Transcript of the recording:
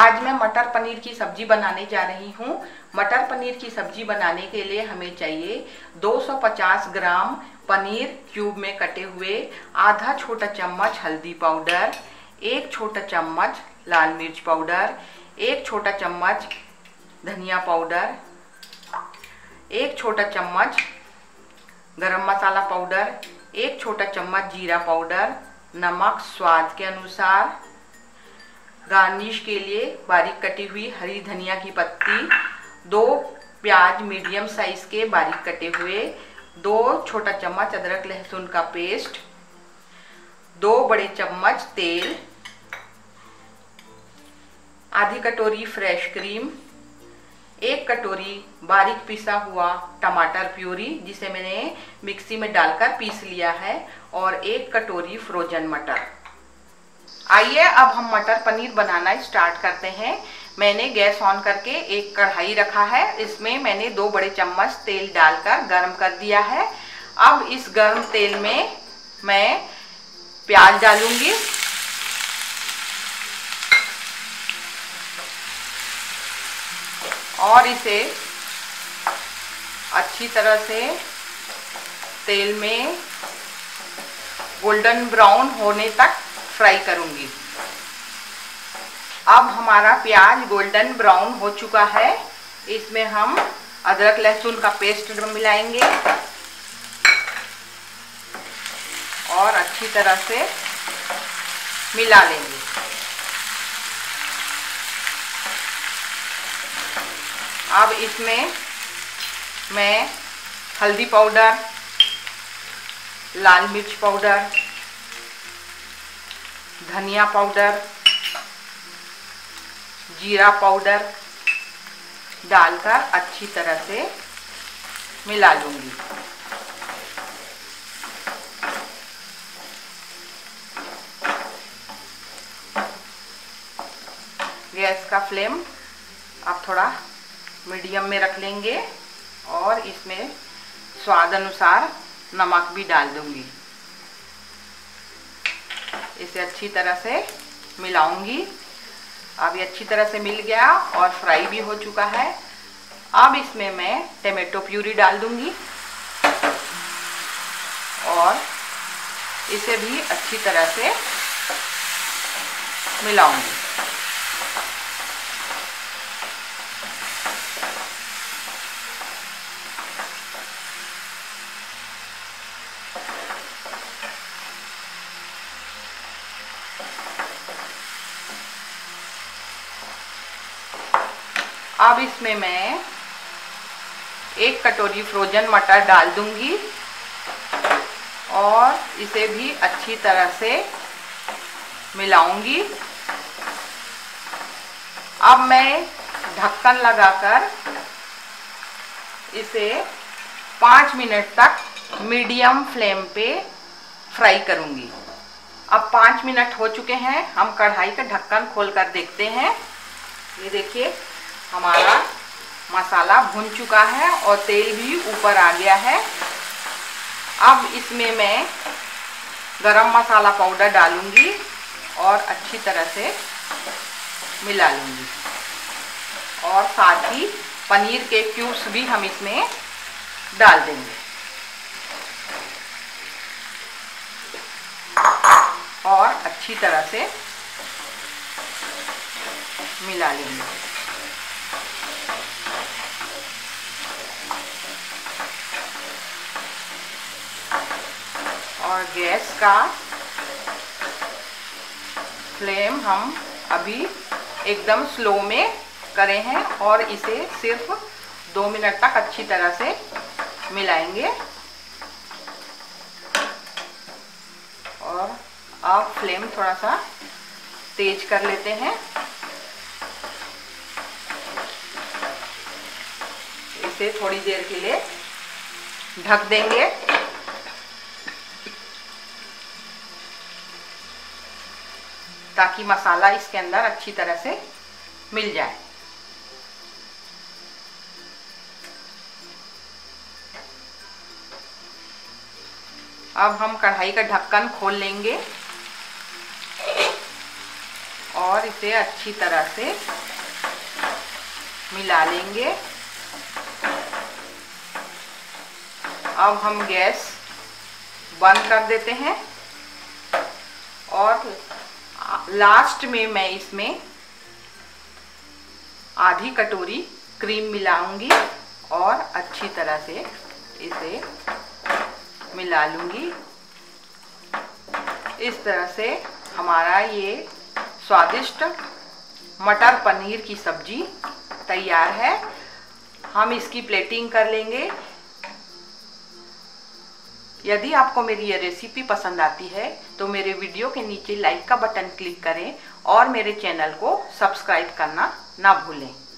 आज मैं मटर पनीर की सब्जी बनाने जा रही हूँ मटर पनीर की सब्जी बनाने के लिए हमें चाहिए 250 ग्राम पनीर क्यूब में कटे हुए आधा छोटा चम्मच हल्दी पाउडर एक छोटा चम्मच लाल मिर्च पाउडर एक छोटा चम्मच धनिया पाउडर एक छोटा चम्मच गरम मसाला पाउडर एक छोटा चम्मच जीरा पाउडर नमक स्वाद के अनुसार गार्निश के लिए बारीक कटी हुई हरी धनिया की पत्ती दो प्याज मीडियम साइज के बारीक कटे हुए दो छोटा चम्मच अदरक लहसुन का पेस्ट दो बड़े चम्मच तेल आधी कटोरी फ्रेश क्रीम एक कटोरी बारीक पिसा हुआ टमाटर प्यूरी जिसे मैंने मिक्सी में डालकर पीस लिया है और एक कटोरी फ्रोजन मटर आइए अब हम मटर पनीर बनाना स्टार्ट करते हैं मैंने गैस ऑन करके एक कढ़ाई रखा है इसमें मैंने दो बड़े चम्मच तेल डालकर गर्म कर दिया है अब इस गर्म तेल में मैं प्याज डालूंगी और इसे अच्छी तरह से तेल में गोल्डन ब्राउन होने तक फ्राई करूंगी अब हमारा प्याज गोल्डन ब्राउन हो चुका है इसमें हम अदरक लहसुन का पेस्ट मिलाएंगे और अच्छी तरह से मिला लेंगे अब इसमें मैं हल्दी पाउडर लाल मिर्च पाउडर धनिया पाउडर जीरा पाउडर डालकर अच्छी तरह से मिला लूँगी गैस का फ्लेम आप थोड़ा मीडियम में रख लेंगे और इसमें स्वाद अनुसार नमक भी डाल दूंगी इसे अच्छी तरह से मिलाऊंगी अब ये अच्छी तरह से मिल गया और फ्राई भी हो चुका है अब इसमें मैं टमेटो प्यूरी डाल दूंगी और इसे भी अच्छी तरह से मिलाऊंगी अब इसमें मैं एक कटोरी फ्रोजन मटर डाल दूंगी और इसे भी अच्छी तरह से मिलाऊंगी अब मैं ढक्कन लगाकर इसे पाँच मिनट तक मीडियम फ्लेम पे फ्राई करूंगी अब पाँच मिनट हो चुके हैं हम कढ़ाई का ढक्कन खोल कर देखते हैं ये देखिए हमारा मसाला भुन चुका है और तेल भी ऊपर आ गया है अब इसमें मैं गरम मसाला पाउडर डालूंगी और अच्छी तरह से मिला लूँगी और साथ ही पनीर के क्यूब्स भी हम इसमें डाल देंगे और अच्छी तरह से मिला लेंगे और गैस का फ्लेम हम अभी एकदम स्लो में करे हैं और इसे सिर्फ दो मिनट तक अच्छी तरह से मिलाएंगे और अब फ्लेम थोड़ा सा तेज कर लेते हैं इसे थोड़ी देर के लिए ढक देंगे ताकि मसाला इसके अंदर अच्छी तरह से मिल जाए अब हम कढ़ाई का ढक्कन खोल लेंगे और इसे अच्छी तरह से मिला लेंगे अब हम गैस बंद कर देते हैं और लास्ट में मैं इसमें आधी कटोरी क्रीम मिलाऊंगी और अच्छी तरह से इसे मिला लूंगी इस तरह से हमारा ये स्वादिष्ट मटर पनीर की सब्जी तैयार है हम इसकी प्लेटिंग कर लेंगे यदि आपको मेरी ये रेसिपी पसंद आती है तो मेरे वीडियो के नीचे लाइक का बटन क्लिक करें और मेरे चैनल को सब्सक्राइब करना ना भूलें